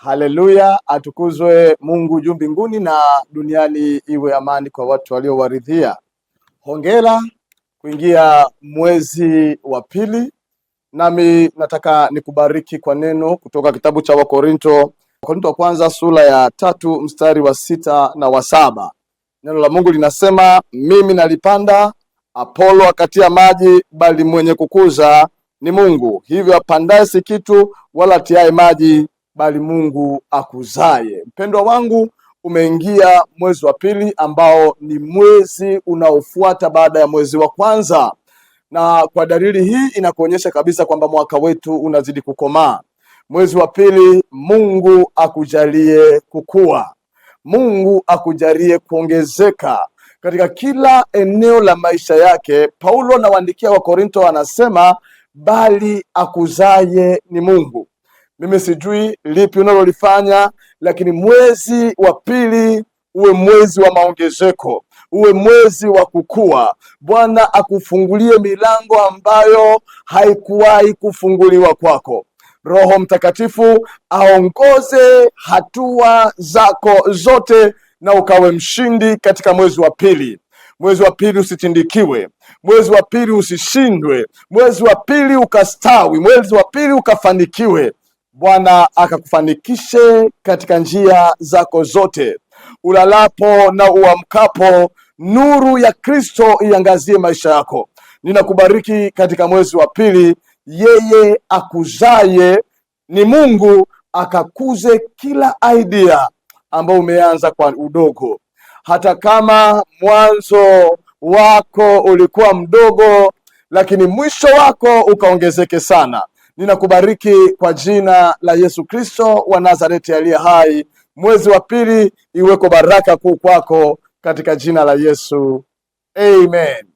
Haleluya, atukuzwe Mungu juu mbinguni na duniani iwe amani kwa watu waliowaridhia. Hongera kuingia mwezi wa pili, nami nataka nikubariki kwa neno kutoka kitabu cha Wakorinto, Wakorinto wa kwanza sura ya tatu mstari wa sita na wa saba. Neno la Mungu linasema, mimi nalipanda, Apolo akatia maji, bali mwenye kukuza ni Mungu. Hivyo apandaye si kitu, wala atiaye maji bali Mungu akuzaye. Mpendwa wangu, umeingia mwezi wa pili ambao ni mwezi unaofuata baada ya mwezi wa kwanza, na kwa dalili hii inakuonyesha kabisa kwamba mwaka wetu unazidi kukomaa. Mwezi wa pili, Mungu akujalie kukua, Mungu akujalie kuongezeka katika kila eneo la maisha yake. Paulo anawaandikia Wakorinto anasema, bali akuzaye ni Mungu. Mimi sijui lipi unalolifanya, lakini mwezi wa pili uwe mwezi wa maongezeko, uwe mwezi wa kukua. Bwana akufungulie milango ambayo haikuwahi kufunguliwa kwako. Roho Mtakatifu aongoze hatua zako zote, na ukawe mshindi katika mwezi wa pili. Mwezi wa pili usitindikiwe, mwezi wa pili usishindwe, mwezi wa pili ukastawi, mwezi wa pili ukafanikiwe. Bwana akakufanikishe katika njia zako zote. Ulalapo na uamkapo, nuru ya Kristo iangazie maisha yako. Ninakubariki katika mwezi wa pili. Yeye akuzaye ni Mungu akakuze kila idea ambayo umeanza kwa udogo. Hata kama mwanzo wako ulikuwa mdogo, lakini mwisho wako ukaongezeke sana. Ninakubariki kwa jina la Yesu Kristo wa Nazareti aliye hai. Mwezi wa pili iweko baraka kuu kwako katika jina la Yesu. Amen.